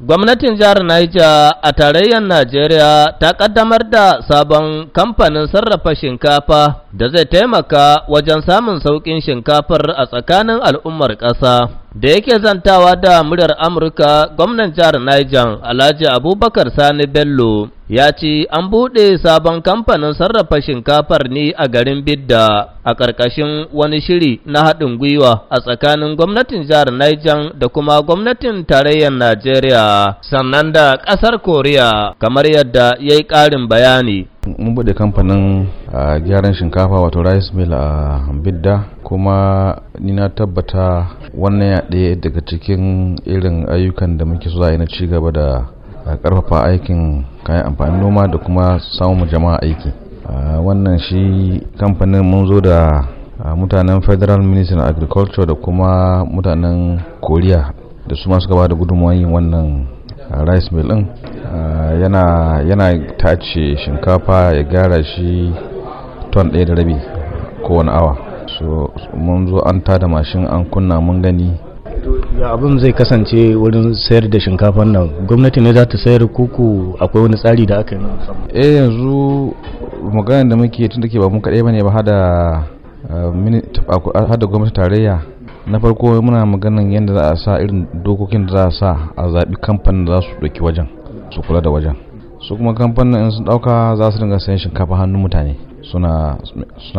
Gwamnatin jihar Niger a tarayyar Najeriya ta ƙaddamar da sabon kamfanin sarrafa shinkafa da zai taimaka wajen samun sauƙin shinkafar a tsakanin al'ummar ƙasa. da yake zantawa da muryar amurka gwamnan jihar niger alhaji abubakar sani bello ya ce an buɗe sabon kamfanin sarrafa shinkafar ne a garin bidda a ƙarƙashin wani shiri na haɗin gwiwa a tsakanin gwamnatin jihar niger da kuma gwamnatin tarayyar najeriya sannan da ƙasar koriya kamar yadda ya yi ƙarin bayani mun bude kamfanin gyaran shinkafa wato rice mill a bidda kuma ni na tabbata wannan ya ɗaya daga cikin irin ayyukan da muke so yi na ci gaba da karfafa aikin kayan amfanin noma da kuma samun jama'a aiki wannan shi kamfanin mun zo da mutanen federal ministry of agriculture da kuma mutanen koriya da su masu gaba da gudunmuwan yin wannan rice mill din Ah, yana yana tace shinkafa ya gyara shi ton ɗaya da rabi kowane awa so mun zo an tada mashin an kunna mun gani ya abin zai kasance wurin sayar da shinkafan nan gwamnati ne za ta sayar kuku akwai wani tsari da aka yi eh yanzu maganar da muke tun da ke ba mu kaɗai ba ne ba hada ah, hada gwamnati tarayya na farko muna maganin yadda za a sa irin dokokin da za a sa a zaɓi kamfanin da za su ɗauki wajen su kula da wajen su kuma kamfanin sun dauka za su dinga sayan shinkafa hannun mutane suna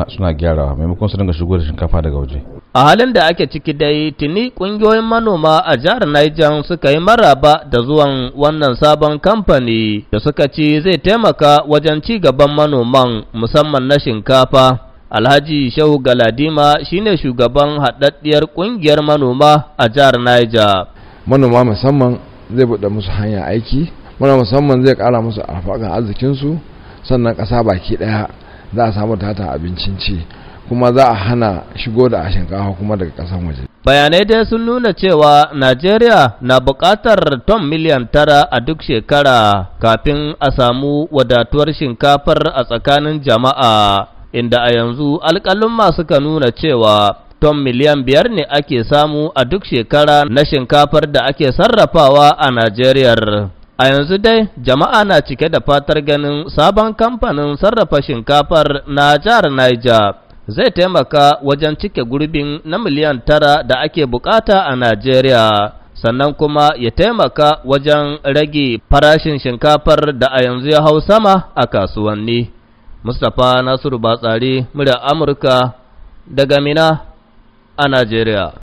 suna maimakon su dinga shigo da shinkafa daga waje a halin da ake ciki dai tuni kungiyoyin manoma a jihar Niger suka yi maraba da zuwan wannan sabon kamfani da suka ci zai taimaka wajen ci gaban manoman musamman na shinkafa Alhaji Shehu Galadima shine shugaban haɗaɗɗiyar ƙungiyar manoma a jihar Niger. Manoma musamman zai buɗe musu hanya aiki muna musamman zai kara musu alfaga arzikinsu sannan ƙasa baki ɗaya za a samu tata abincin ci kuma za a hana shigo da shinkafa kuma daga ƙasan waje bayanai dai sun nuna cewa najeriya na buƙatar ton miliyan tara a duk shekara kafin a samu wadatuwar shinkafar a tsakanin jama'a inda a yanzu alƙalin suka nuna cewa ton miliyan biyar ne ake samu a duk shekara na shinkafar da ake sarrafawa a najeriya A yanzu dai jama'a na cike da fatar ganin sabon kamfanin sarrafa shinkafar na jihar Niger zai taimaka wajen cike gurbin na miliyan tara da ake bukata a Najeriya. Sannan kuma ya taimaka wajen rage farashin shinkafar da a yanzu ya hau sama a kasuwanni. Mustapha Nasiru Batsari, murya Amurka daga Mina a Najeriya.